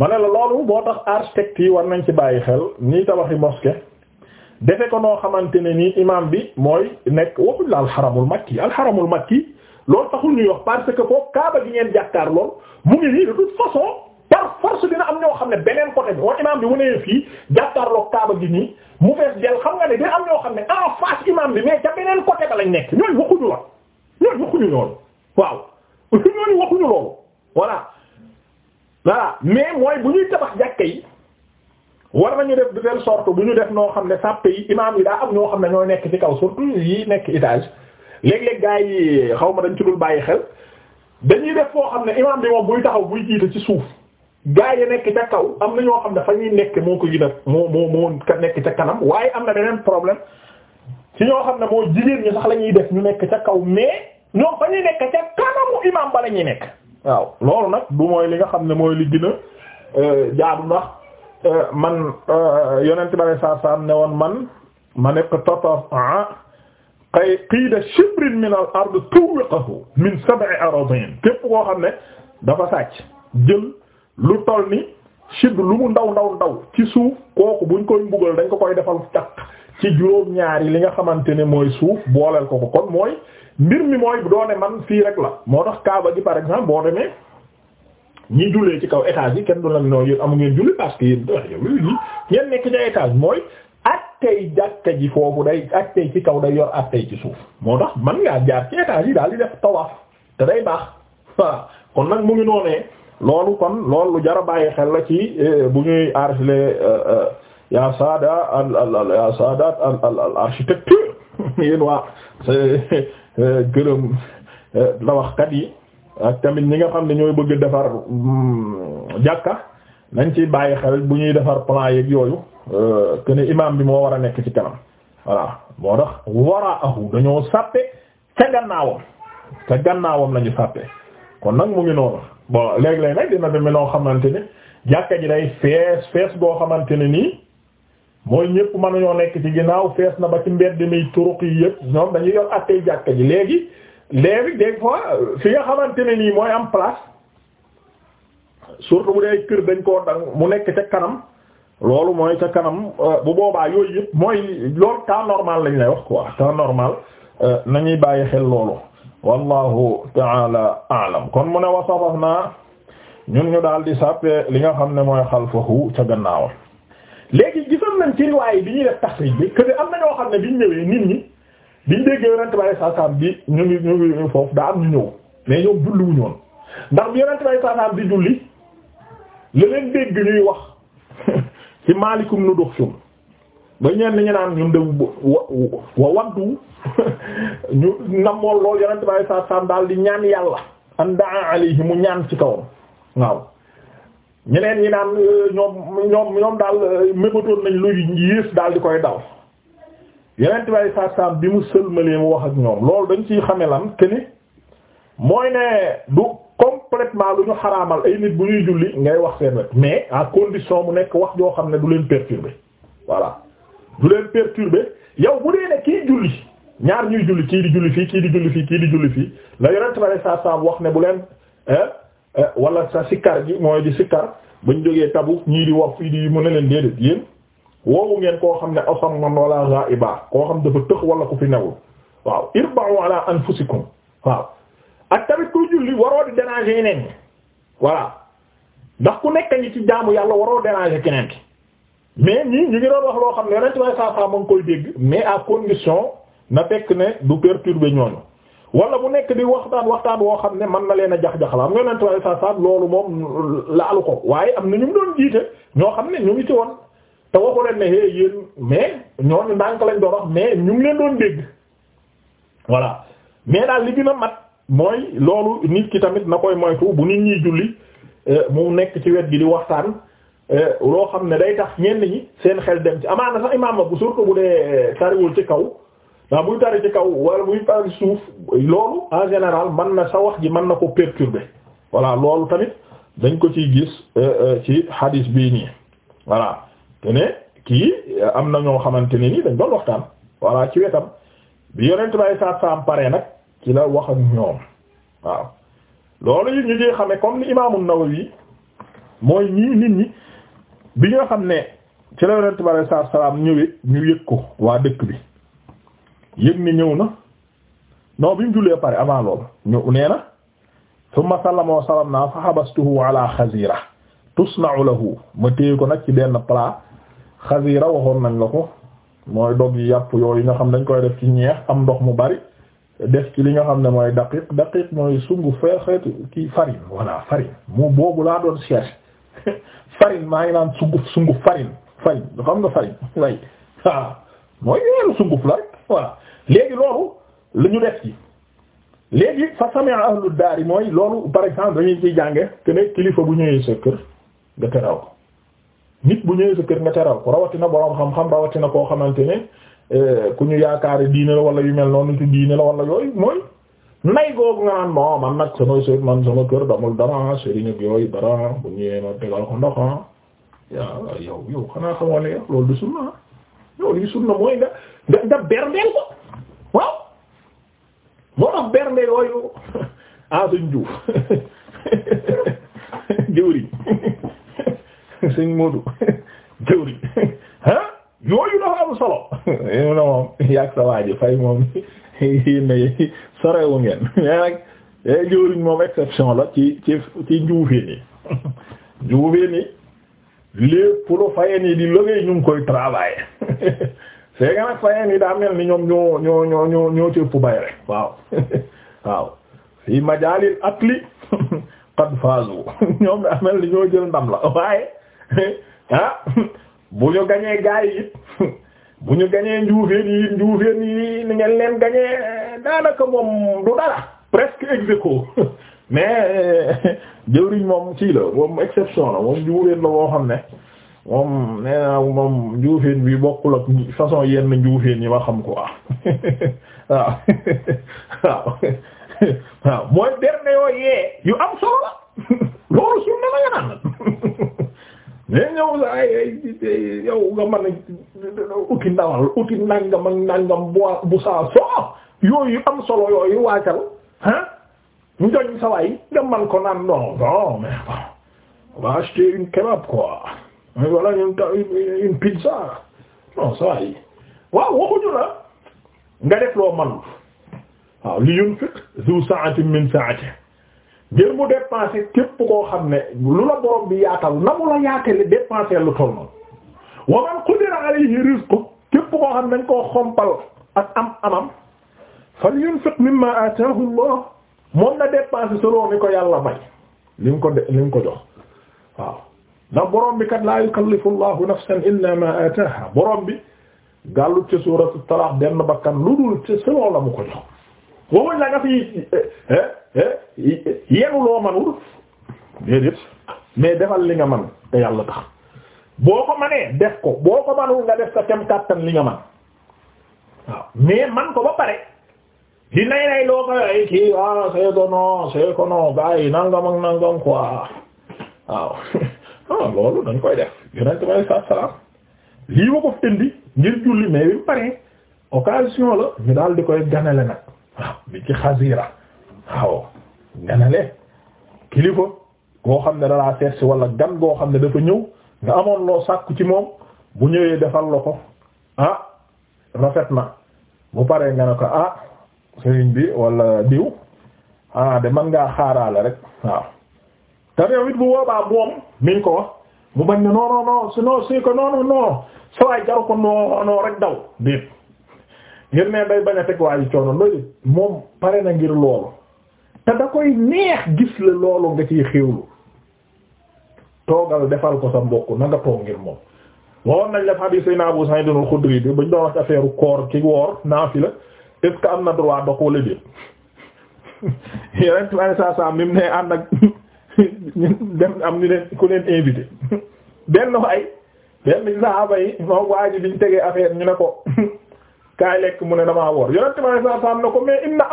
ma ne la loolu boo tax architecte yi war nañ ci bàyyi xel nii tabaxi mosquée defe ko noo xamante ne nii imam bi mooy nekk waxuñ la alxaramul makki alxaramul ki loolu taxul ñuy wax parce que foofu kaaba gi ngeen jàkkaar lool mu ngi nii de façon par force dina am ñoo xam ne beneen côté bi waa imam bi mu nee fii jàkkaarloo kaaba gi nii mu fees del xam nga ne dina am ñoo xam ne aa face imam bi mais ca beneen côté ba lañ nekk ñooy waxuñu la ñooy waxuñu loolu waaw ñooñu waxuñu voilà mais mooy bu ñuy tabax jàkke yi war nañu def de telle sorte bu ñu def noo xam ne sàppe yi imaam yi daa am ñoo xam ne ñoo nekk ci kaw surtout yi nekk étage léeg-léeg gars yi xaw ma dañ ci dul bàyyi xel dañuy def foo xam ne imaam bi moom buy taxaw buy jiite ci suuf gaa yi nekk ca kaw am na ñoo xam ne fa ñuy nekk moo ko gën a moo moo moo nekk ca kanam waaye am na beneen problème ci ñoo xam ne moo jigéen ñi sax la ñuy def ñu nekk ca kaw mais ñoom fa ñuy nekk ca kanamu la ñuy nekk. waaw loolu nag bu mooy li nga xam ne mooy li gën a euh, jaadu ndax euh, man euh, yonent bi alayhi salaatu ne woon man man iqtata'a qay qiida shibrin min al ard tuwiqahu min sab'i aradin képp koo xam ne dafa sàcc jël lu toll ni shibr lu mu ndaw ndaw ndaw ci suuf kooku buñ koy mbugal dañ ko koy defal caq ci juróom ñaar yi li nga xamante ne mooy suuf booleel ko ko kon mooy mbir mi mooy doone man fii rek la moo tax kaaba gi par exemple boo demee ñi jullee ci kaw étage yi kenn du la noo yéen amu ngeen julli parce que yéen ah, yow lii ngeen nekk ca étage mooy attey jàkka ji foofu day attey ci kaw day yor attey ci suuf moo tax man ngaa jaar ci étage yi daal di def tawaaf te day baax kon nag mu ngi noonee loolu kon loolu lu jara bàyyi xel la ci eh, bu ñuy argile eh, eh, ya sada al al ya sadat al al architecture yéen waa gërëm euh, la waxkat yi ak tamit ñi nga xam ne ñooy bëgg defar mm, jàkka nañ ci bàyyi xel bu ñuy defar plan yeeg yooyu euh, que ne bi moo war a nekk ci kanam voilà moo tax waraahu dañoo sàppe ca gannaawam ca gannaawam la ñu kon nag mu ngi noonu bon léeg-léeg nag dina demee noo xamante ne jàkka ji day fees fees boo xamante ne nii. mooy ñëpp mënuñoo nekk ci ginnaaw fees na ba ci mbedd mi turuq yi yëpp ñoom dañuy yor attey jàkka ji léegi léegi des fois fi nga xamante ne nii mooy am place surtout bu dee kër dañ ko dang mu nekk ca kanam loolu mooy ca kanam euh, bu boobaa yooyu yëpp mooy loolu temps normal lañ lay wax quoi temps normal euh, nañuy bàyyi xel loolu wallahu taala alam kon mu ne wasafaf naa ñun ñu daal di sàppe li nga xam ne mooy xal xalfahu ca gannaawam léegi gisoon nañ ci riwaay bi ñuy def taxriij bi que am na ñoo xam ne biñ ñëwee nit ñi biñ déggee yonent bi saa saam bi ñu ngi ñu ngi foofu daa am ñu ñëw mais ñoom julliwuñu ndax bi yonent bi saa saam di julli la leen dégg ñuy wax ci maalikum nu dox sum ba ñeen ñu naan ñun de wa wa wantu ñu namool lool yonent bi saa saam daal di ñaan yàlla an daa alayhi mu ñaan ci kawam waaw ñeneen yi naan euh, ñoom ñoom ñoom daal euh, mébatoon nañ lu yées daal di koy daw yeneen tubaab saa saa bi mu sëlmalee mu wax ak ñoom loolu dañu ciy xame lan que mooy ne du complètement lu ñu xaraamal ay nit bu ñuy julli ngay wax seen wet mais à condition mu nekk wax joo xam ne du leen perturber voilà du leen perturber yow bu dee ne kii julli ñaar ñuy julli kii di julli fii kii di julli fii kii di julli fii la yeneen tubaab saa wax ne bu leen. Eh, wala sa sikkar gi mooy di sikkar bañ jógee Tabuk ñii di wax fii di mu ne leen déedéet yéen woowu ngeen koo xam ne asamman wala ghaiba koo xam dafa tëx wala ku fi newul waaw irba'u ala anfusikum waaw ak tamit kuy julli waroo di déranger yeneen voilà ndax ku nekk ñi ci jaamu yàlla waroo déranger keneen ki mais ñii ñu ngi doon wax loo xam ne yonent way saa saa ma ngi koy dégg mais à condition na fekk ne du perturber ñooñu wala bu nekk di waxtaan waxtaan woo xam ne man na leen a jax-jaxla am yonent bi saa saa loolu moom laalu ko waaye am na ñu mu doon jiite ñoo xam ne ñu ngi ci woon te waxu leen ne hey yéen mais ñoon ndànk lañ doon wax mais ñu ngi leen doon dégg voilà mais daal li bi a mat mooy loolu nit ki tamit na koy moytu bu nit ñiy julli eh, mu nekk ci wet gi di waxtaan eh, loo xam ne day tax ñenn ñi seen xel dem ci amaana sax imaam bu surtout bu dee tariwul eh, ci kaw ndax buy tari ci kaw wala buy tari suuf loolu en général mën na sa wax ji mën na ko perturber voilà loolu tamit dañ ko ci gis euh, euh, ci hadis bii nii voilà te ne kii euh, am na ñoo xamante ne ni dañ doon waxtaan voilà ci wetam bi yonent bay saat saam pare nag ci la wax ak ñoom waaw loolu yi ñu comme ni imaamu Nawawi mooy nit ñi bi ñoo xam ne ci la yonent bay saat salaam ñëwee ñu yëg ko waa dëkk bi yëg ni ñëw na non bi mu jullee pare avant lool ñu nee na summa sallama wa salam naa fa habastuhu ma téye ko nag ci benn plat xazira waxoon nañ la ko mooy dog yi yàpp yooyu nga xam dañ koy def ci ñeex am ndox mu bari def ci li nga xam ne mooy daqiq daqiq mooy sungu feexeetu kii farine voilà farine mu boobu laa doon cherche farine maa ngi naan sunguf sunguf farine farine du xam nga farine way waaw mooy yeelu sunguf la rek voilà léegi loolu la ñu def ci léegi fa sami'a ahlu daar yi mooy loolu par exemple dañuy ciy jànge te ne kilifa bu ñëwee sa kër nga teraw ko nit bu ñëwee sa kër nga teraw ko rawatina boroom xam-xam rawatina koo xamante ne euh, ku ñu yaakaari diine la wala yu mel noonu ci diine la wala yooyu mooy nay googu nga naan non man nag sama sër man sama kër damul dara sëriñ yooyu dara bu ñëwee ma tegal ko ndox ah yow yow xanaa xamoo ne loolu du ah. yow lii sunna mooy nga nga berndeel ko moo tax bernde yooyu ah suñ juuf jëwriñ suñ Moodu jëwriñ ah yooyu dafa am solo yow na moom yàgg sa waa ji fay moom yéen na ngeen mais nag eh, jëwriñ moom exception la ci ci ci njuufee nii njuufee nii lépp lu fayeen yi di liggéey ñu ngi koy travailler c'est que nag fayeen yi daa mel ni ñoom ñoo ñoo ñoo ñoo ñoo cëpp bay rek waaw waaw fi majaalil akli qad faazu ñoom daa mel ni ñoo jël ndam la waaye ah bu ñu gañee gaay yi it bu ñu gañee njuufeen yi njuufeen yi ni ngeen leen gañee daanaka moom du dara presque ex aequo mais euh, jëwriñ moom kii la moom exception la moom njuuréen la boo xam ne moom nee naa moom njuufeen bi bokkul ak façon yenn njuufeen yi ma xam quoi waaw waaw waaw mooy berne yoo yee yu am solo la loolu sunna la nga naan nga mën saa soo yooyu am solo yooyu waacal ah njoñ sa waay nga man ko naan non non mais ah, on va acheter une kebab quoi voilà une une pizza non sa waay waaw waxuñu la nga def loo manul waaw li yunfiq zu sa'atin min sa'atihi ngir mu dépenser képp koo xam ne lu la borom bi yaatal na mu la yaatale dépenser lu toll noonu wa man qudira alayhi rizquhu képp koo xam ne dañ koo xompal ak am amam falyunfiq mimma ataahu Allah moom na dépensé selon ni ko yàlla may li mu ko de li mu ko jox waaw ndax borom bi kat laa yukallifu allahu nafsan illa ma ataaha borom bi gàllut ca suuratu talaax benn bakkan lu dul ca selon la mu ko jox waxuñ la nga fi yenu loo manul déedéet mais defal li nga man te yàlla tax boo ko manee def ko boo ko manul nga def sa kem kàttan li nga man waaw mais man ko ba pare di nay nay loo ko ay kii waaw ah, c'est que non c'est que nangam ak nangam quoi waaw ah loolu dañ koy def yonent bi saa salaam lii ma ko fi indi ngir julli mais bi mu paree occasion la ñu daal di koy ganale nag waaw bi ci xasira waaw ganale kilifa goo xam ne dalaa seet si wala gan goo xam ne dafa ñëw nga amoon loo sàkku ci moom bu ñëwee defal la ko ah rafet na bu paree nga ne ko ah. sëriñ bi wala diw ah de man ngaa xaaraale rek waaw te réew it bu boobaa moom miñ ko wax mu bañ ne non non non sinon si que non non non sa waay jaru ko non non rek daw déet ngir ne day bañ a teg waayu coono loolu moom pare na ngir loolu te da koy neex gis la loolu nga ciy xéwlu toogal defal ko sa mbokk na nga toog ngir moom. waxoon nañ la fa di Seydina Abu Sa'id al-Khudri bi buñ doon wax affaire koor ki woor naafila est-ce que am na droit dox wala déet yeneen trois cent cent mi mu ne ànd ak dem am ñu affaire ñu ne ko kaay lekk mu ne damaa woor yeneen trois cent cent ne ko mais inna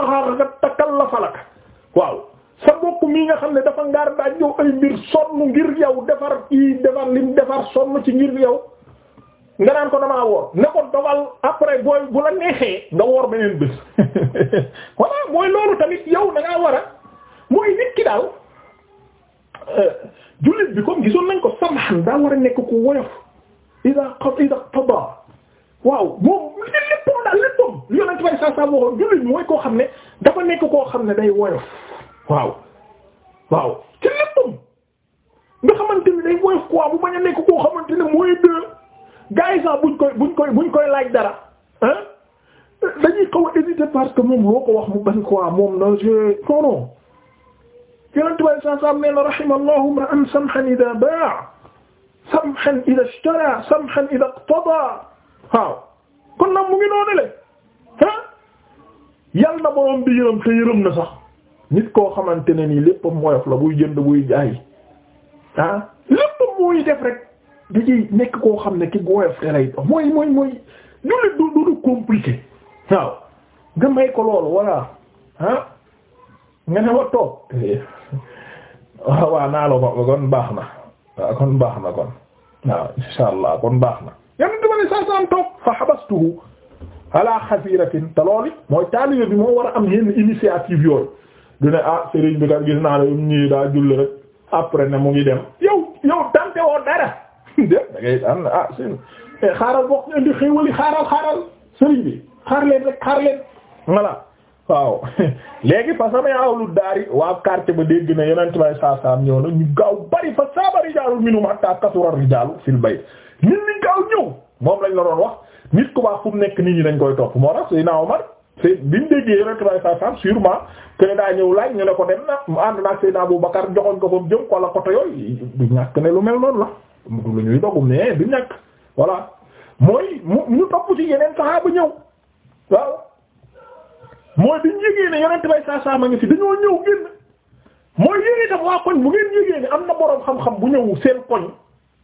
waaw sa bopp nga xam ne dafa ngaar daaj yow ay mbir sonn ngir yow defar kii defar lim defar sonn ci ngir yow. nga naan ko damaa woor ne ko dogal après booy bu la neexee nga woor beneen bés voilà mooy loolu tamit yow da ngaa war a mooy nit ki daal euh, jullit bi comme gisoon nañ ko samaxan daa war a nekk ku woyof ida ida qada waaw moom léppam daal léppam yonent bay saa saa waxoon jullit bi mooy koo xam ne dafa nekk koo xam ne day woyof waaw waaw ci léppam nga xamante ne day woyof quoi bu bañ a nekk koo xamante ne mooy de gars yi sax buñ koy buñ koy buñ koy laaj dara ah dañuy xaw a hésiter parce moom loo ko wax mu bañ quoi moom na je non non yonent bi saa saa nee na rahimallahu imra'an ba'a samhan idha ishtara samhan idha iqtada kon nag mu ngi noonu le ah yal na borom bi yërëm te yërëm na sax nit koo xamante ne nii léppam moyof la buy jënd buy jaay ah léppam muy def rek. da ciy nekk koo xam ne ki gooyof te lay mooy mooy mooy jullit du du du compliqué waaw ko loolu voilà ah nga ne ma toog waaw waaw naa la ko kon baax na waaw kon baax na kon waaw insha allah kon baax na yenen dama ne saasan toog fa xabastuhu ala mooy taalibe bi moo war a am yenn initiative yooyu du ne ah sëriñ bi kat gis naa ne um ñii daa julli rek après ne mu ngi dem yow yow dante woo dara dé da ngay am na ah seen eh, xaaral bokk indi xéewali xaaral xaaral sëriñ bi xaar leen rek xaar leen voilà waaw léegi fa samay awlu daari waa quartier ba dégg na yonent bay saasaam ñëw na ñu gaaw bari fa saaba rijaalu minum hatta kasura rijaalu fil bayt nit ñi gaaw ñëw moom lañ la doon wax nit ku baax fu mu nekk nit ñi dañ koy topp moo tax Seydina Omar c'est bi mu déggee yonent bay saasaam sûrement que ne daa ñëw laaj ñu ne ko dem na mu ànd naag Seydina Abubakar joxoñ ko fa mu jëm wala côté yooyu lu mel noonu la du lu ñuy dogu mais du nekk voilà mooy mu ñu topp ci yeneen saxaaba ñëw waaw mooy bi ñu yëgee ne yeneen tibay saa ngi fi dañoo ñëw génn mooy yëgee tam waa ne am na boroom xam-xam bu ñëw seen koñ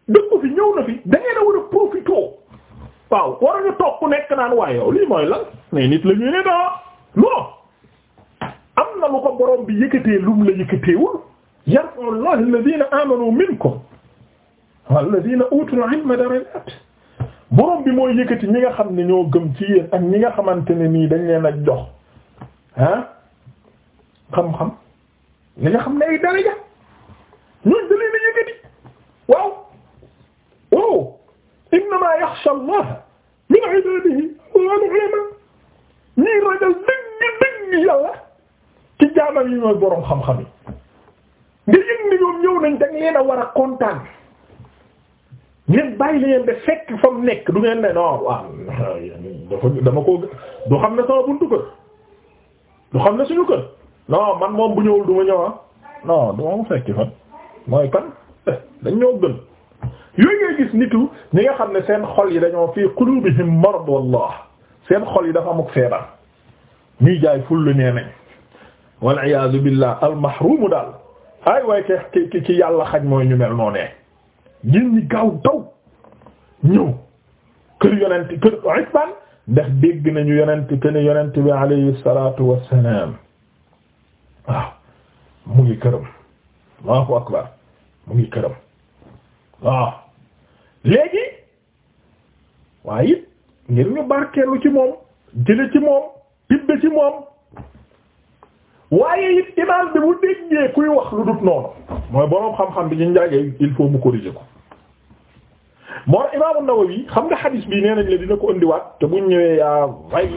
dëkk fi ñëw na fi da ngeen war a profiter waaw war a ñu toog ku nekk naan waaye yow lii mooy lan mais nit la ñuy ne daa non am na lu ko boroom bi yëkkatee lum la yëkkateewul yarfa'u Allahu alladhina amanu minkum walladina utul ilma darajat borom bi mooy yëkkati ñi nga xam ne ñoo gëm ci yéen ak ñi nga xamante ne nii dañ leen a jox ah xam-xam li nga xam ne ay daraja ñooñ da leen a yëkkati waaw waaw innama yaxsha allah min ibadihi al ulama ñii ragal dëgg dëgg yàlla ci jaamal yi ñooy borom xam-xam nga yëg ni ñoom ñëw nañ dañ leen a war a kontaan ngeen bàyyi la ngeen de fekk fa mu nekk du ngeen ne non waaw dafa dama koo du xam ne sama buntu kër du xam ne suñu kër non man moom bu ñëwul du ma ñëw ah du ma mu fekki fan mooy kan eh, dañ ñoo gën yooyu ngay gis nitu ñi nga xam ne seen xol yi dañoo fii qulubihim marad wallah seen xol yi dafa amuk feebar ñuy jaay fullu nee wal iyaazu billah al mahrumu daal ay waaye ki ki ki yàlla xañ mooy ñu mel noo nee ngeen ñi gaaw daw ñëw kër yonent kër Itbaan ndax dégg nañu yonent kenn yonent bi alayhi salaatu wassalaam waaw mu ngi këram waaw léegi waaye it ngir ñu barkeelu ci moom jële ci moom tibbe ci moom waaye it imaam bi bu déggee kuy wax lu dut noonu mooy boroom xam-xam bi ñu njàngee il faut mu corriger ko moo Imaam An-Nawawi xam nga xadis bi nee nañ la dina ko indiwaat te buñ ñëwee yaa vay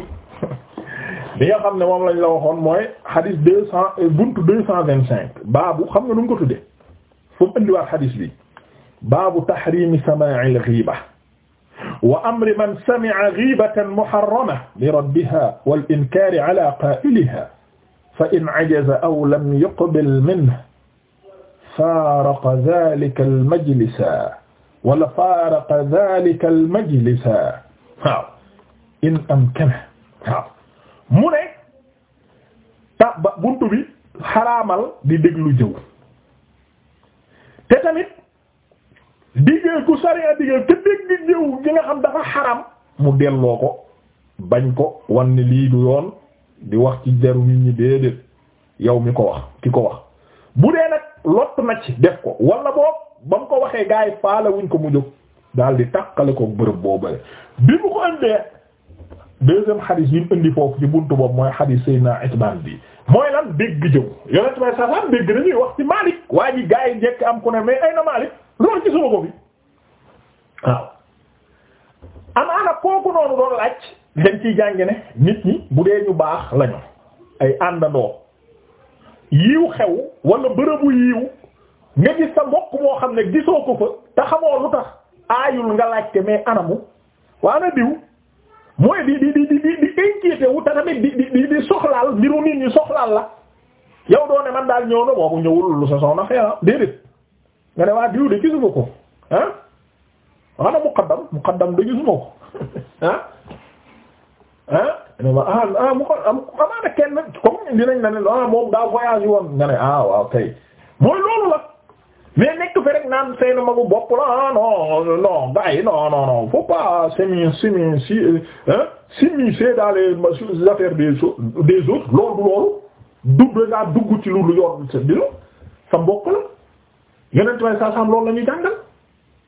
bi nga xam ne moom lañ la waxoon mooy xadis deux cent euh, buntu deux cent vingt cinq baabu xam nga nu mu ko tuddee fu mu indiwaat xadis bi baabu tahrimi samaa'il ghiiba wa amri man sami'a ghiibatan muharramatan li raddihaa wal inkaari alaa qaa'ilihaa fa in ajaza aw lam yuqbil minhu faaraqa dhaalika al-majlisa wala faaraqa dhalika al majlisa waaw in amkana mu ne ta ba buntu bi xaraamal di déglu jëw te tamit diggee ku sariya diggee te dégg jëw gi nga xam dafa xaram mu delloo ko bañ ko wan ni lii yoon di wax ci deru nit mi ko wax ki ko wax bu dee nag na ci def ko wala boobu ba mu ko waxee gars yi faala wuñ ko mu jóg daal di takkale ko bërëb boobale bi mu ko indee deuxième xadis yi mu indi foofu ci buntu boobu mooy xadis Seydina Itbaan bi mooy lan dégg jëw yonent may sasam dégg ci Maalik waa ji gars yi njëkk am ku ne mais ay na Maalik loolu gisuma ko bi waaw amaana kooku noonu doon laaj dañ ciy jànge ne nit ñi bu dee ñu baax lañu ay àndandoo yiw xew wala bërëbu yiw nga gis sa mbokk moo xam ne gisoo ko fa te xamoo lu tax aayul nga laajte mais anamu waana diw mooy di di di di di wu te tamit di di di soxlaal mbiru nit ñi soxlaal la yow doone man daal ñëw na boo ko ñëwul lu sa soxna xëy na déedéet nga ne waa diw de gisuma ko ah waana muqaddam muqaddam de gisuma ko ah ah ne ma ah ah mu ko amaana kenn comme dinañ na ne ah moom daa voyage woon nga ne ah waaw kay mooy loolu la. mais nekk fi rek naan seenu magu bopp la ah, non non gars yi non non non faut pas semi semi si euh, s'immiscer dans les affaires des autres des autres loolu du loolu dugg ngaa dugg ci lu yo yor sa dilo sa mbokk la yeneen way sa sam loolu la ñuy jàngal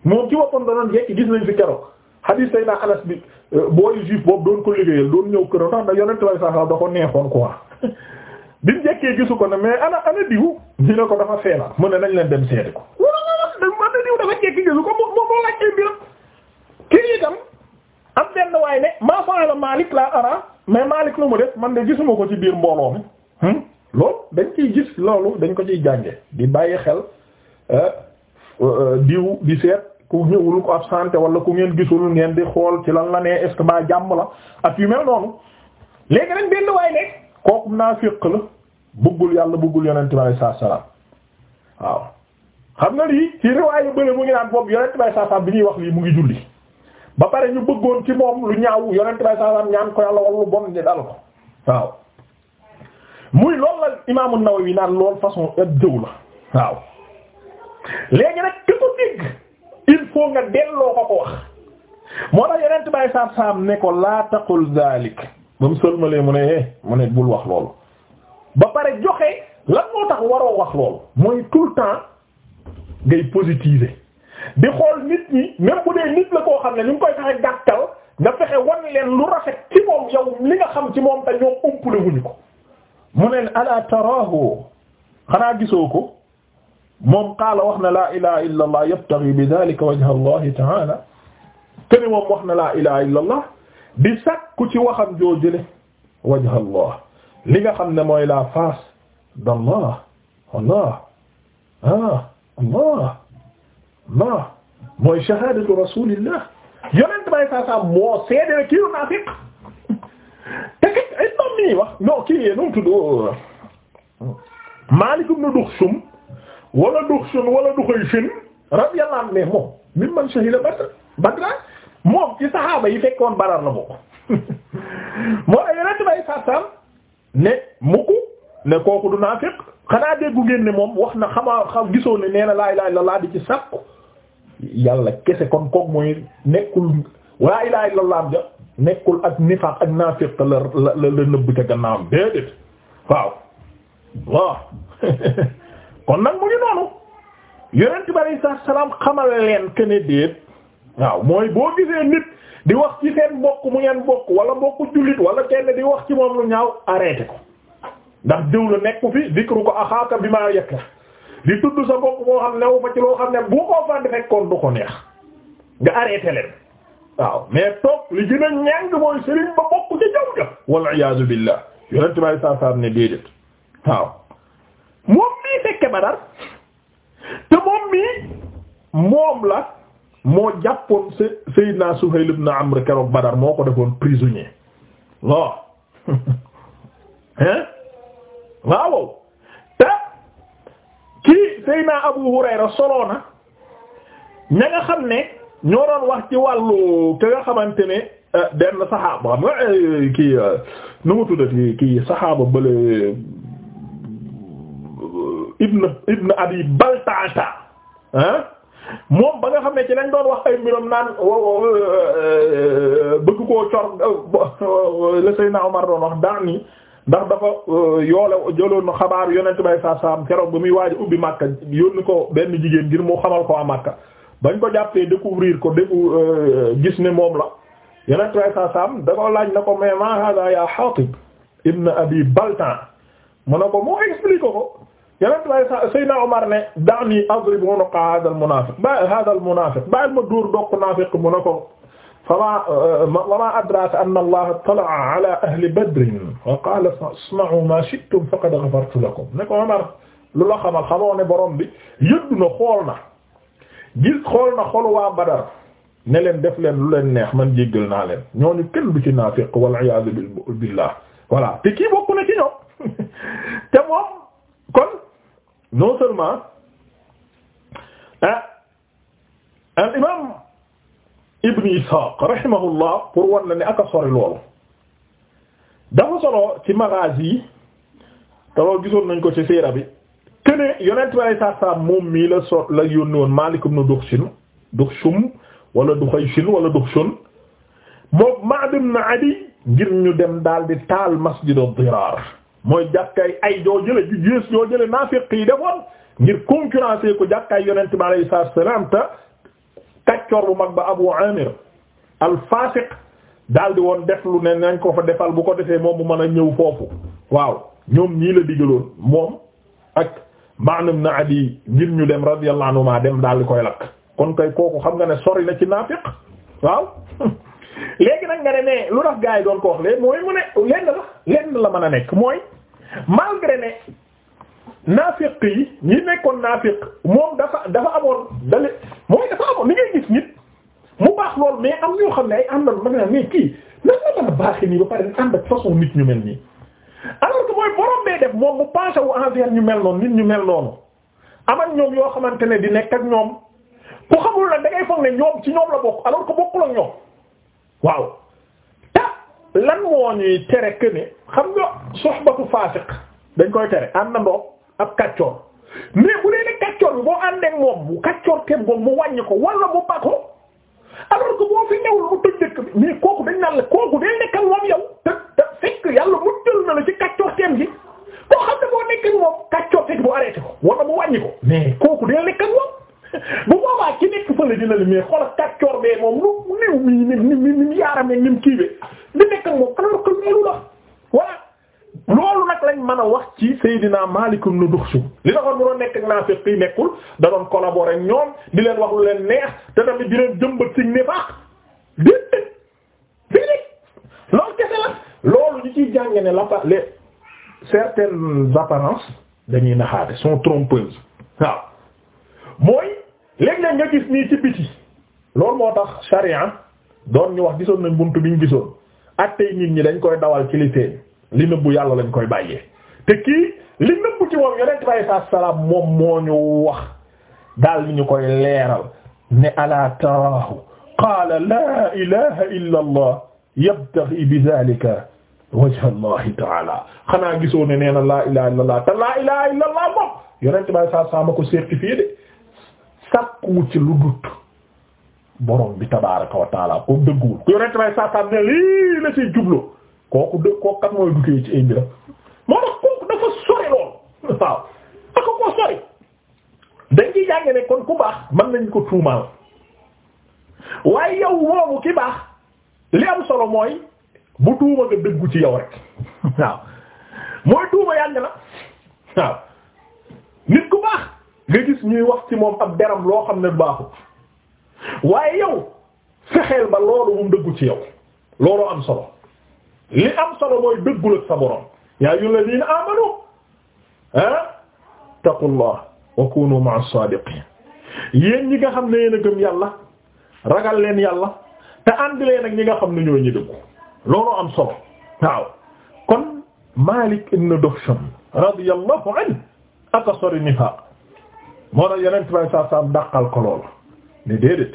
moom ci woppam danoon jekki gis nañ fi keroog hadith say naa anas bi euh, booy juif boobu doon ko liggéeyal doon ñëw këro tax da yonent way sa sam da ko neexoon quoi bi mu njëkkee gisu ko ne mais ana ana diw ñu ne ko dafa feebar mu ne nañ leen dem seeti ko wala man na diw dafa njëkki gisu ko moom am benn waaye ne maa Malik la ara mais Malik lu mu def man de gisuma ko ci biir mbooloom mi hmm? loolu dañ ciy gis loolu dañ ko ciy jànge di bàyyi xel euh, euh, diw di seet ku ñëwul ko absenté wala ku ngeen gisul ngeen di xool ci lan la ne est-ce que jàmm la ak yu mel noonu léegi nag benn waaye ne kooku naafiq la bëggul yàlla bëggul yonent bi alayhi salaam waaw xam nga lii ci riwaayu bële mu ngi naan boobu yonent bi alayhi salaam bi ñuy wax lii mu ngi julli ba pare ñu bëggoon ci moom lu ñaaw yonent bi alayhi salaam ñaan ko yàlla wala lu bon ñu dal ko waaw muy loolu la imaamu Nawawi naan lool façon ak la waaw léegi nag ki dégg il faut nga delloo ko ko wax moo tax yonent bi alayhi salaam ne ko laa taqul zaalik ba mu sëlmalee mu ne eh mu ne bul wax loolu ba pare joxe lan moo tax waroo wax loolu mooy tout le temps ngay positiver di xool nit ñi même bu dee nit la koo xam ne ni mu koy fexe gàttal nga fexe wan lu rafet ci moom yow li nga xam ci moom te ñoom umpule wuñu ko mu neen ala tarahu xanaa gisoo ko moom qaala wax na laa ilaha illa allah yabtaghi bi dhalika wajha allah ta'ala te ni wax na laa ilaha illa allah di sakku ci waxam joo li nga xam ne mooy la face d'Allah Allah ah Allah Allah mooy shahadatu rasulillah yonent bay saa saa moo seede ne kii naafiq te kat imam mi wax non kii yee nu tudd Maalik ibn Duxsum wala Duxsum wala Duxaysin radiyallahu anhu moom mimman shahida Badr Badr moom ci saxaaba yi fekkoon Badar la bokk moo tax yeneen bay ne mukk ne kooku du naafiq xanaa déggu ngeen moom wax na xamaa xam gisoo ne nee na laa ilaaha illallaah di ci sàkku yàlla kese kon koog mooy nekkul laa ilaaha illallaah ja nekkul ak nifaaq ak naafiq la la la nëbb ca gannaawam déedéet waaw waaw kon nag mu ngi noonu yonent bi xamal leen que waaw mooy boo gisee nit di wax ci seen mbokk mu ngeen bokk wala mbokk jullit wala kenn di wax ci moom lu ñaaw arrêté ko ndax diw la nekku fi dikru ko axaaka bi ma yekk di tudd sa mbokk moo xam newu fa ci loo xam ne bu ko fa di fekkoon du ko neex nga arrêté leen waaw mais toog li gën a ñàng mooy sëriñ ba bokk ci jaw ja wal iyaazu billah yonent bi saa saa ne déedéet waaw moom mii fekke Badar te moom mii moom la moo jàppoon Seydina Suhayl ibn Amr keroog Badar moo ko defoon prisonnier loo hein waaw te kii Seydina Abu Hurayra soloo ña nga xam ne ñoo doon wax ci wàllu ka nga xamante ne euh, benn saxaaba xam nga euh, kii euh, nu mu kii saxaaba bële ibn ibn Abi Baltaata hein moom ba nga xam ne ci nañ doon wax ay mbiram naan euh, euh, bëgg koo cor euh, la Seydina Omar doon wax daan ni ndax dafa yoole jëloon xabaar yonent bay saa saam keroog ba muy waaj ubbi Makka yónni ko benn jigéen ngir mu xamal ko waa Makka bañ ko jàppee découvrir ko décou gis ne moom la yonent bay saa saam da laaj na ko mais ma hada ya Hatib ibn Abi Baltan mu ne ko moo expliqué ko yeneen tubaab yi sax Seydina Omar ne da'ni adrib unuqa haadha al-munaafiq bàyyi haadha al-munaafiq bàyyi ma dóor doq naafiq mu ne ko famaa wa maa adraaka anna Allaha ittala'a ala ahli Badr wa qaala isma'uu maa shi'tum faqad ghafartu lakum ne ko Omar lu la xamal xamoo ne borom bi yëddu na xool na gis xool na xolu waa Badar ne leen def leen lu leen neex man jéggal naa leen ñooñu kenn du ci naafiq wal iyaadu billah voilà te kii bokk na ci ñoom te moom kon. non seulement ah al imam Ibn Ishaq rahimahullah pour wan la ne aka dafa solo ci Maghazi yi gisoon nañ ko ci siira bi kene yonent bi alei saatu salaam mii la so la yónni woon Maalik ibn Duxshin Duxshum wala Duxayshin wala Duxshun moom Ma'd ibn Adi ngir ñu dem daal di taal masjidu Diraar mooy jàkkaay ay joo jële ji gées joo jële naafiq yi defoon ngir concurrencer ko jàkkaay yonent bi alayhi salaatu wa salaam te kaccoor bu mag ba Abu Amir al-Fasiq di woon def lu ne nañ ko fa defal bu ko defee moom mu mën a ñëw foofu waaw ñoom ñii la digaloon moom ak maanam na adi ngir ñu dem radiyallahu anhuma dem daal di koy lakk kon kay kooku xam nga ne sori na ci naafiq waaw léegi nag nga ne mais lu tax gaa yi doon ko wax mooy mu ne lenn la lenn la mën a nekk mooy malgré ne naafiq yi ñi nekkoon naafiq moom dafa dafa amoon dale mooy dafa amoon li ngay gis nit mu baax lool mais am ñoo xam ne ay àndal da nga naan mais kii nan la mën a nii ba pare ànd ak façon nit ñu mel nii. alors que mooy borom bee def moom mu pensé wu envers ñu mel noonu nit ñu mel noonu amal ñoom yoo xamante ne di nekk ak ñoom ku xamul nag da ngay foog ne ñoom ci ñoom la bokk alors ko bokkul ak ñoom waaw. lan moo ñuy tere que ne xam nga soxbatu faasiq dañ koy tere àndandoo ab kàccoor mais bu dee ne kàccoor bi boo àndee ak moom bu kàccoor teem boobu mu wàññi ko wala mu ba ko alors que boo fi newul mu tëj dëkk bi mais kooku dañ naan la kooku day nekkal moom yow te te fekk yàlla mujjal na la ci kàccoor teem gi koo xam ne boo nekk ak moom kàccoor teem bu arrêté ko wala mu wàññi ko mais kooku day nekkal moom. bu boobaa ki nekk fële dina li mais xoolal kàccoor bee moom lu néew mi ni mi yaaram ni mu kiibe di nekk ak moom alors que la voilà loolu nag lañ mën a wax ci Seydina Maalik ibn Duxsum li taxoon mu doon nekk ak naafiq yi nekkul da doon collaborer ñoom di leen wax lu leen neex te tamit di leen jëmbat ci nifaax déedéet déedéet loolu kese la loolu ñu ciy jàng ne la pa les certaines dañuy naxaate sont trompeuses waaw mooy. léeg-léeg nga gis nii ci biti loolu moo tax sharia doon ñu wax gisoon nañ bunt bi ñu gisoon attey nit ñi dañ koy dawal ci li teen li nëbbu yàlla lañ koy bàyyee te kii li nëbbu ci moom yonent bi alayhi salaam moom moo ñu wax daal li ñu koy leeral ne alaa taraahu qaala laa ilaha illa allah yabtaghi bi dhalika wajha allahi xanaa gisoo ne nee na laa ilaha te laa ilaha illa allah moom yonent bi alayhi salaam a ko certifié de sàkkuwu ci lu dut borom bi tabaaraka wa taala ko dëgguwul ku yonent may saasaam ne lii la ci jublu kooku dëgg kooku kat mooy dutee ci ay mbiram moo tax kooku dafa sori loolu waaw aka ne kon ku baax mën nañ ko tuumaal waaye yow moomu ki baax li am solo mooy bu tuuma nga dëggu ci yow rek waaw mooy tuuma yàgg na waaw ku baax nga gis ñuy wax ci moom ab deram loo xam ne baaxul waaye yow fexeel ba loolu moom dëggu ci yow loolu am solo li am solo mooy dëggul ak sa borom yaa ayyuhal ladina amanu ah taqullah wa kunu ma'as sadiqin yéen ñi nga xam ne yéen a gëm yàlla ragal leen yàlla te ànd leen ak ñi nga xam ne ñoo ñu dëggu loolu am solo waaw kon Malik ibn Dukhshan radiyallahu anhu aka sori nifaq moo tax yonent bay saa saam ko lool ne déedéet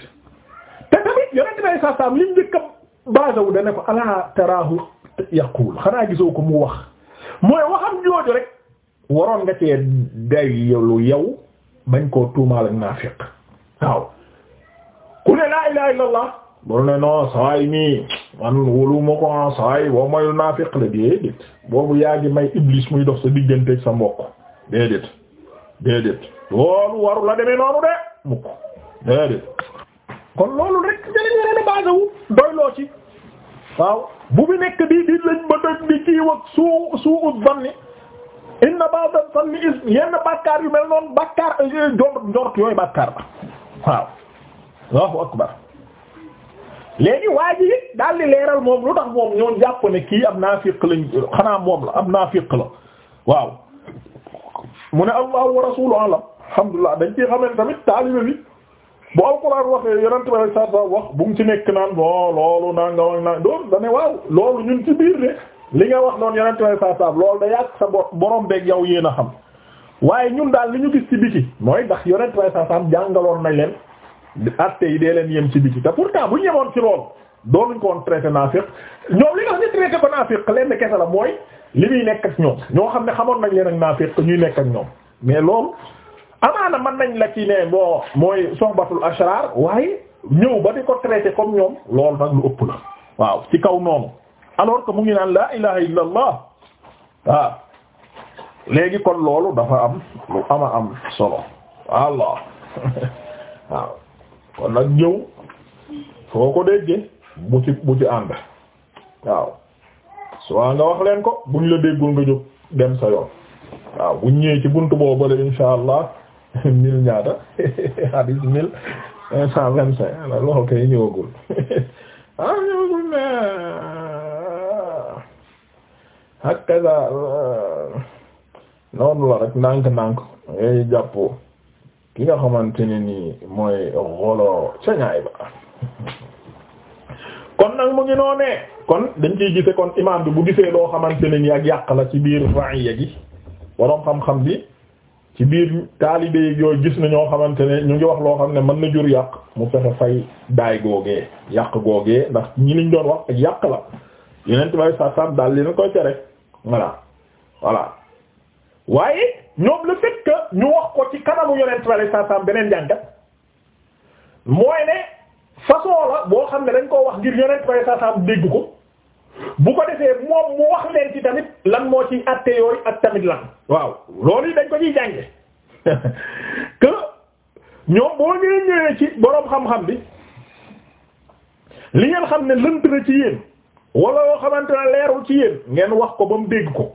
te tamit yonent bay saa liñ njëkk a basé wu dane ko ala tarahu yaqul xanaa gisoo ko mu wax mooy waxam jooju rek waroon nga cee day lu yow bañ koo tuumaal ak naafiq waaw ku ne laa ilaha illallah bul ne non saay mi man wóolu ma ko ah saay boo mayul naafiq la déedéet boobu yaa ngi may iblis muy dox sa digganteeg sa mbokk déedéet déedéet loolu waru la noonu de mukk déedéet kon loolu rek njëriñ la la basé wu waaw bu bi nekk di di lañ ba doj di kii wag suu suu ut zanni inna ba'da zanni ism yenn bàkkaar yu mel noonu bàkkaar eh, eh, jor njort yooyu bàkkaar ba waaw Allahu akbar léegi waa daal di leeral moom lu tax moom ñoon jàpp ne kii am naafiq lañ xanaa moom la am naafiq la waaw mu ne am allahu wa rasuluhu alam alhamdulilah dañ ciy xamee tamit taalibe bi bu alquran ko yonent bi alayhi salaatu wax bu mu ci nekk naan non loolu naa nga wax naan doon da ne waaw loolu ñun ci biir de li nga wax noonu yonent bi alayhi salaatu loolu da yàgg sa borom beeg yow yéen a xam waaye ñun daal li ñu gis ci biti mooy ndax yonent bi alayhi salaatu jàngaloon nañ leen atte yi dee leen yem ci biti te pourtant bu ñemoon ci loolu doonuñ ko woon traité naafiq ñoom li nga xam ne traité ko naafiq lenn kese la mooy li muy nekk ak ñoom ñoo xam ne xamoon nañ leen ak naafiq ñuy nekk ak ñoom mais loolu amaana man nañ la ci ne boo mooy soxbatul ashrar waaye ñëw ba di ko traité comme ñoom loolu nag lu ëpp la waaw ci kaw noonu alors que mu ngi naan la ilaha illa allah waaw léegi kon loolu dafa am lu ama am solo allah waaw kon nag ñëw foo ko déggee bu ci bu ci ànd waaw soit nga wax leen ko buñ la déggul nga jóg dem sa yoon waaw buñ ñëwee ci buntu boobu la insha allah mille ñaata hadis mille cinq cent vingt cinq ah, loolu ah, euh, la rek ndànk-ndànk yooyu jàpp ki nga xamante ne nii mooy xolo ca ba kon nag mu ngi noonee kon dañ ciy gise kon imaam bi bu gisee loo xamante ne ni ak yàq la ci biir ra'iya gi waroom xam-xam bi ci biir taalibe yooyu gis na ñoo xamante ne ñu ngi wax loo xam ne mën na jur yàq mu fexe fay daay googee yàq googee ndax ñi liñ doon wax ak yàq la yeneen bay sa sam daal li na koy tere voilà waaye ñoom le fait que ñu wax ko ci kanamu yeneen bay sa sam beneen jàngat mooy ne façon la boo xam ne dañ koo wax ngir yonent koy saasaam dégg ko bu ko defee moom mu wax leen ci tamit lan moo ci atte yooyu ak tamit lan waaw loolu yi dañ ko ciy jànge que ñoom boo ngeen ñëwee ci boroom xam-xam bi li ngeen xam ne lënt na ci yéen wala yoo xamante ne leerul ci yéen ngeen wax ko ba mu dégg ko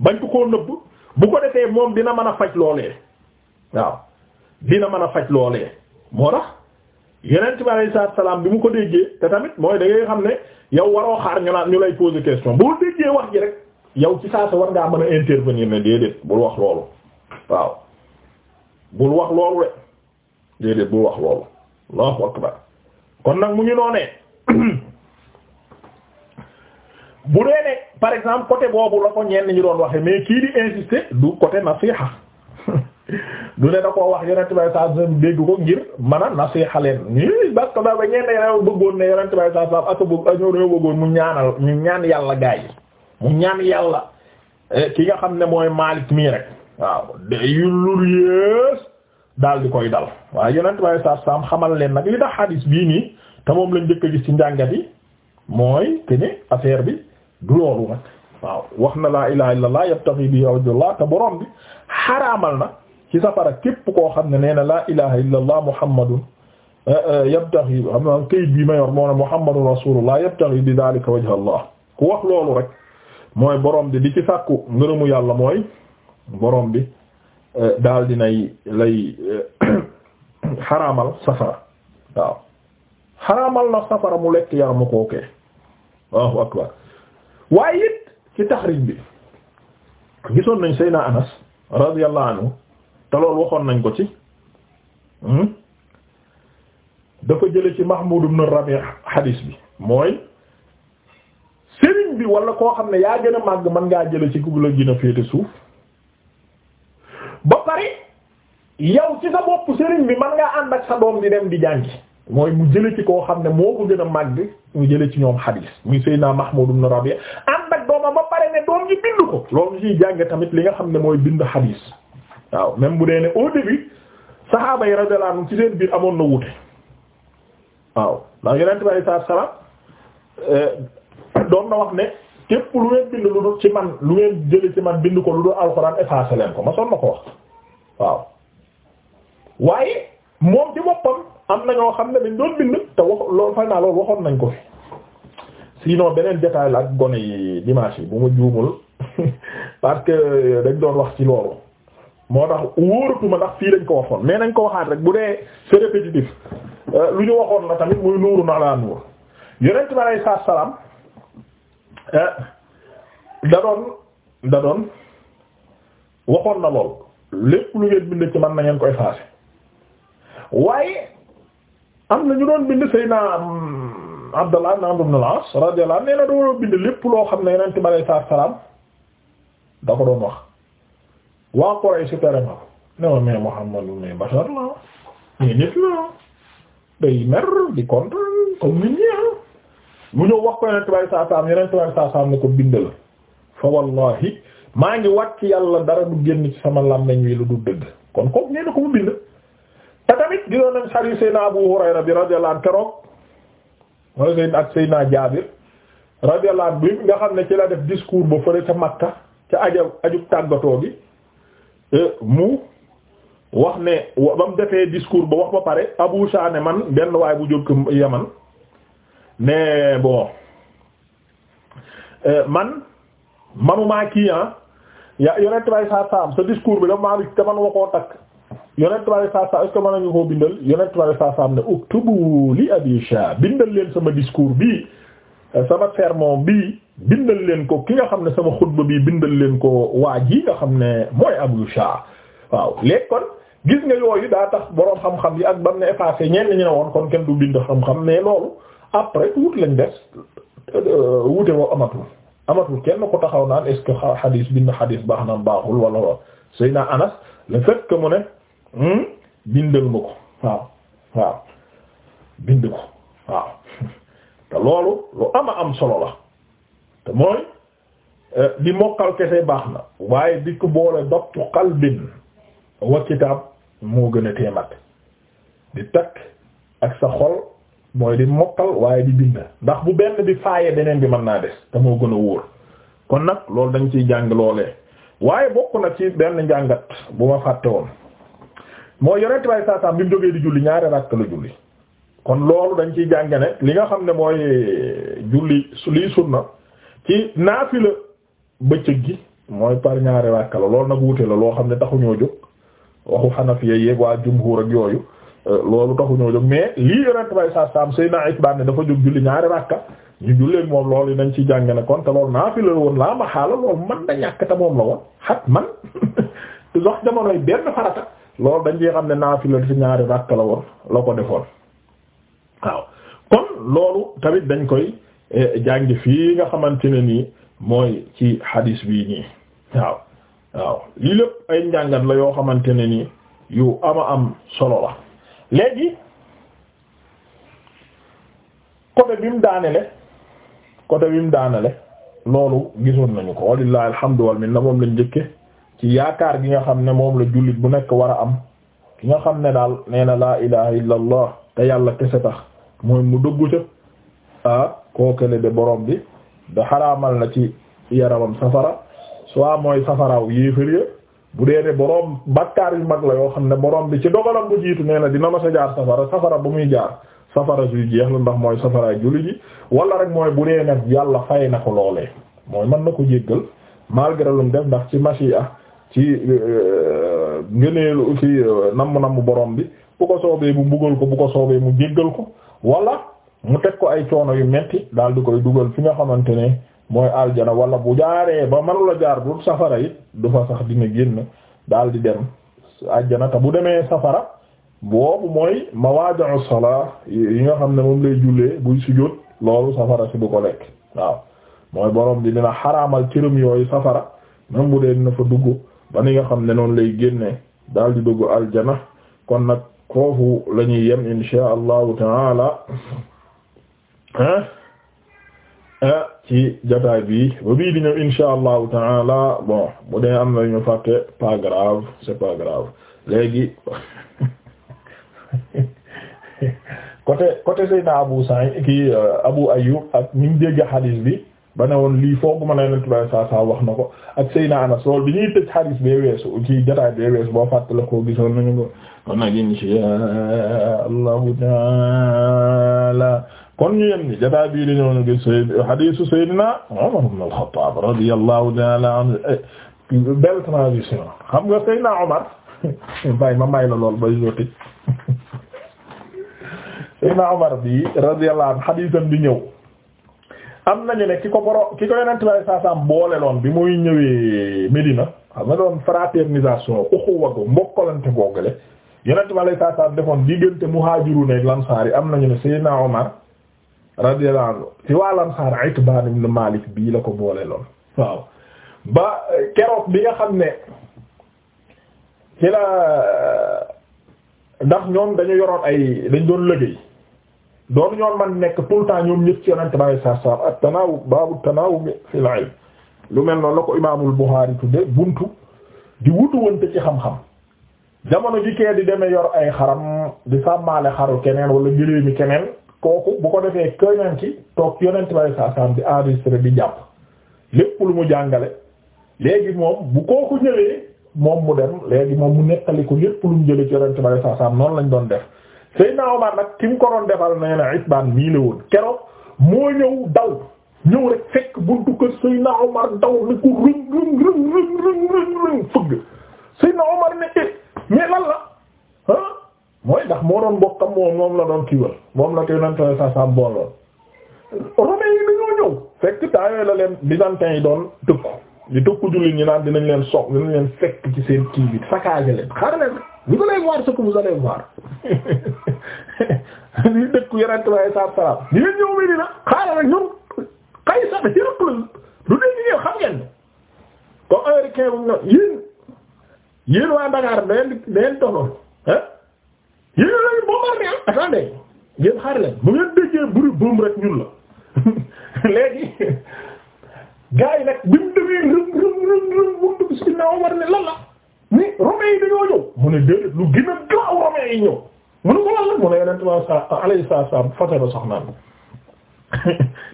bañ ko koo nëbb bu ko defee moom dina mën a faj loolee waaw dina mën a faj loolee moo tax yeneen ci alayhi salaam bi mu ko déggee te tamit mooy da ngay xam ne yow waroo xaar ñu naan ñu lay poser question boo déggee wax ji rek yow ci saa sa war ngaa mën a intervenir ne déedéet bul wax loolu waaw bul wax loolu rek déedéet bul wax loolu Allahu akbar kon nag mu ngi noonee bu dee ne par exemple côté boobu la ko ñenn ñu doon waxee mais kii di insister du côté nasiha du ne da koo wax yonent bay saa sam dégg ko ngir mën a nasiixa leen ñi parce que ba ba ñeen bëggoon ne yonent bay saa sam aka bëgg ñoo bëggoon mu ñaanal ñu ñaan yàlla gaa yi mu ñaan yàlla eh, ki nga xam ne mooy Maalik mii rek waaw yu lul yées daal di koy dal waaw yonent bay saa sam xamal leen nag li tax xadiis bii nii te moom lañ dëkk a gis ci njàngat yi mooy te ni affaire bi du loolu nag waaw wax na laa ilaha illallah yabtaghi bihi wajhallah na ci safara képp koo xam ne nee na laa ilaha illa allah muhammadun eh, eh, yabtaghi xam naa kayit bi ma yor moo ne muhammadun rasulullah bi dhalika wajha allah yàlla mooy borom bi eh, daal dinay lay xaraamal safara waaw xaraamal na safara mu lekk yaramu kookee akbar waaye it ci taxrij gisoon nañ Seydina Anas radiyallahu anhu te loolu waxoon nañ ko ci hmm? dafa jële ci Mahmoud ibn Rabi' hadis bi mooy sëriñ bi wala koo xam ne yaa gën a màgg mën ngaa jële ci ku la gën a féete suuf ba pare yow ci sa bopp sëriñ bi mën ngaa ànd ak sa doom di dem di jàngi mooy mu jële ci koo xam ne moo ko gën a màgg mu jële ci ñoom hadis muy Seydina Mahmoud ibn Rabi' ànd ak doomam ba pare ne doom ji bind ko loolu ciy jànge tamit li nga xam ne mooy bind hadis waaw même bu dee ne au début saxaaba yi radiyallahu ci seen biir amoon na wute waaw ndax yonent bi alayhi salaam euh, doon na wax ne képp lu ngeen bind lu dul ci man lu ngeen jële ci man bind ko lu dul alxuraan effacé leen ko ma sonn na ko wax waaw waaye moom ci boppam am na ñoo xam ne dañ doon bind te wax loolu fay naa loolu waxoon nañ ko fi sinon beneen détail la ak gone yi dimanche yi bu ma juumul parce que dañ doon wax ci loolu moo tax wóoratuma ndax fii lañ ko waxoon mais nañ ko waxaat rek bu dee c'est répétitif euh, lu ñu waxoon la tamit muy nuuru na laa nuur yonent bi alayhi salaatu salaam euh, da doon da doon waxoon na lool lépp lu ngeen bind ci man na koy faase waaye am na ñu doon bind Seydina mm, Abdallah ibn Amr ibn na doon bind lépp loo xam ne yonent ma alayhi salaatu salaam da ko doon wax waa Quraysh supéré ma non mais Muhammad mais bashar la mais nit ah. wax ko yeneen tubaab saa saam yeneen tubaab saa saam ne ko bindal fa wallahi maa ngi wàcc yàlla dara du génn ci sama làmmiñ wi lu du dëgg kon kooku nee na ko mu bind te tamit gisoon nañ xadiis Abu Hurayra bi radiyallahu anhu keroog nga xam ne ci la def discours ba fële ca Makka ca aju aju tàggatoo gi Euh, mu wax ne ba mu defee discours ba wax ba pare Abu Sha ne man benn waay bu jóg Yaman ne bon euh, man manumaa kii ah ya yonent bay saa saam sa discours bi dafa ma ngi te man waxoo takk yonent bay saa saam est-ce que mën koo bindal yonent bay saa ne uktubu li Abi Sha bindal leen sama discours bii euh, sama sermon bii bindal leen ko ki nga xam ne sama xutba bi bindal leen ko waa ji nga xam ne mooy Abu Sha waaw léegi kon gis nga yooyu daa tax boroom xam-xam yi ak bam ne effacé ñeen ñu ne woon kon kenn du bind xam-xam mais loolu après wut lañ des euh, wute woo amatul amatul kenn ko taxaw naan est xa que bind xadis baax na baaxul wala wala Seydina Anas le fait mu ne hmm, bindal ma ko waaw waaw bind ko waaw te loolu lu ama am solo la. te mooy euh, di mokkal kese baax na waaye di ko boole doptu qalbin wa kitaab moo gën a teemat di takk ak sa xol mooy di mokkal waaye di bind ndax bu benn bi faaye beneen bi mën naa des te moo gën a wóor kon nag loolu dañ ciy jàng loolee waaye bokk na ci benn njàngat bu ma fàtte woon moo yonent bay saasaam bi mu jógee di julli ñaari rakk la julli kon loolu dañ ciy jànge ne li nga xam ne mooy julli su liy sunna ci naafila bëccëg gi mooy par ñaari ràkka la loolu nag wute la loo xam ne taxuñoo jóg waxu xanafiya yeeg waa jumhuur ak yooyu euh, loolu taxuñoo jóg mais lii yonent bay sa sam say na itbaan ne dafa jóg julli ñaari ràkka ñu julleen moom loolu nañ ci jàng ne kon te loolu naafila la woon laa ma xaala loolu man da ñàkk te moom la woon xat man dox jamonoy benn farata loolu dañ ci xam ne naafila la ci ñaari ràkka la woon la ko defoon waaw kon loolu jàngi fii nga xamante ne nii mooy ci hadis bii nii waaw waaw lii lépp ay njàngat la yoo xamante ne nii yu ama am solo la léegi côté bi mu daanele côté bi mu daanale loolu gisoon nañu ko walillahi alhamdu wal minna moom lañ njëkke ci yaakaar gi nga xam ne moom la jullit bu nekk war a am ki nga xam ne daal neena laa ilaha illa allah te yàlla kese tax mooy mu dëggu ca ah kookale de boroom bi da xaraamal na ci yaramam safara soit mooy safaraaw yéeférie bu dee ne borom bakkaar yu mag la yoo xam ne borom bi ci dogalam bu jiitu nee na dina ma sa jaar safara safara bu muy jaar safara suy jeex la ndax mooy safara julli ji wala rek mooy bu dee nag yàlla fay na ko loolee mooy man na ko jéggal malgré lu mu def ndax ci machia ci euh, ngëneelu ci euh, namm namm borom bi bu ko soobee mu buggal ko bu ko soobee mu jéggal ko wala mu teg ko ay coono yu metti daal di koy dugal fi nga xamante ne mooy aljana wala bu jaaree ba manula jaar du safara it du fa sax dina génn daal di dem aljana te bu demee safara boobu mooy mawaadi'u salaa yi nga xam ne moom lay jullee buy sujjóot loolu safara si du ko lekk waaw mooy borom bi dina xaraamal cërëm yooyu safara même bu dee dina fa dugg ba ni nga xam ne noonu lay génne daal di dugg aljana kon nag foofu la ñuy yem insha allahu taala ah ci jotaay bi ba bii di ñëw insha allahu taala bon bu dee am na ñu pas grave c'est pas grave léegi côté côté Seydina Abu Sa'id ki euh, Abu Ayyub ak ñu dégg xadis bi ba ne woon lii foog ma ne leen tubaab saa saa wax na ko ak Seydina Anas loolu bi ñuy tëj xadis bee weesu ci jotaay bee weesu boo fàtte la ko gisoon nañu ko kon nag insha allahu taala kon ñu yem ni jotaay bii di ñëw ñu gis Seydina hadiisu Seydina Umar ibn al-Khattab radiyallahu ta'ala anhu belle transition Seydina Umar bay ma may la lool bi ñëw am nañu ne ki ko boro ki ko yonent bay saasaam boole loon bi muy ñëwee Médina xam nga doon fraternisation uxuwatu mbokkalante googale yonent bay saasaam defoon diggante muhaajiruun ak ansaar yi am nañu ne Seydina Umar radiyallahu anhu ci waa Ansaar Itbaan ibn Maalik bii la ko boole lool waaw ba keroog bi nga xam ne ci ndax ñoom dañu yoroon ay dañ doon liggéey doon ñoon man nekk tout le temps ñoom ñëpp ci yonente bi alayhi salaatu salaam at-tanaawub lu mel noonu la ko imaamul Buxaari tudde buntu di wutu wante ci xam-xam jamono ji kee di demee yor ay xaram di sàmmaale xaru keneen wala gëléemi keneen kooku bu ko defee keneen ki toog yonent bay saasaam di enregistré di jàpp lépp lu mu jàngale léegi moom bu kooku ñëwee moom mu dem léegi moom mu nettali ko lépp lu mu jële ci yonent bay saasaam noonu lañ doon def Seydina Omar nag ki mu ko doon defal nee na Itbaan mii la woon keroog moo ñëw daw ñëw rek fekk buntu kër Seydina Omar daw ni ko rëng rëng rëng rëng rëng fëgg Seydina Omar ne eh, mais lan ah? mooy ndax moo doon bokkam moom moom la doon kiiwal moom la ko yonent sa sa saam booloon romain yi dañoo ñëw fekk taa la leen byzantin yi doon tëkku di tëkku jullit ñi naan dinañ leen sox dinañ leen fekk ci seen kii bi saccagé leen xaar leen vous allez voir ce que vous allez voir li dëkku yonent sa saam salaam ñëw mi dina xaaral ak ñun ñu ñëw xam ngeen comme américain bu ñu waa Dakar da ngeen da ngeen doxoon ah yéen a ngi ah. ngeen déggee bruit boom rek ñun la léegi gars yi nag bi rëm rëm rëm rëm buntu bi si ginnaaw war ni romains yi dañoo ñëw mu ne déedéet lu gën a gaaw yi ñëw mu ne ko lan la mu ne yonent ma sa alayhi salaam fase na soxnaam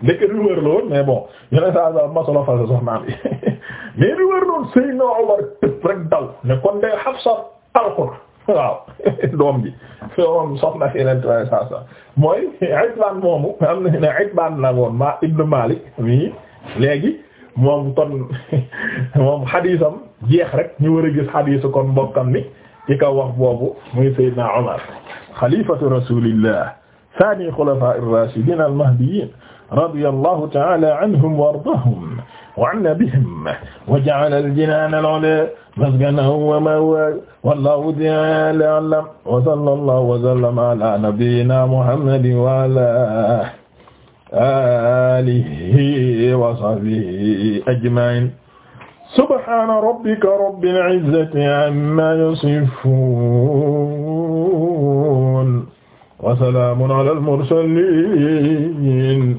ndeke rumeur la mais bon yonent saa saa masolo fase soxnaam yi mais rumeur la woon Seydina Omar tëb rek dal ne kon de Hafsa alxuraan waaw doom ji yoon soxna yeneen trois cent cent mooy Itbaan moomu am na ne Itbaan la woon ma Ibn Malik mi léegi moom kon moom xadiisam jeex rek ñu war a gis xadiisu kon mbokkam ni ci kaw wax boobu muy Seydina Omar xalifatu rasulillah thani xulafaa ar-raashidiin al-mahdiyyiin radiyallahu ta'ala anhum wa ardaahum wanna bihim wa ja'ala al-jinaana loole maskanahu wa ma'waahu wallahu ta'ala a'lam wa sallallahu wa sallama ala nabiyyina muhammadin wa ala alihi wa sahbihi ajma'in subhana rabbika rabbil izzati amma yasifun wa salamun ala al-mursalin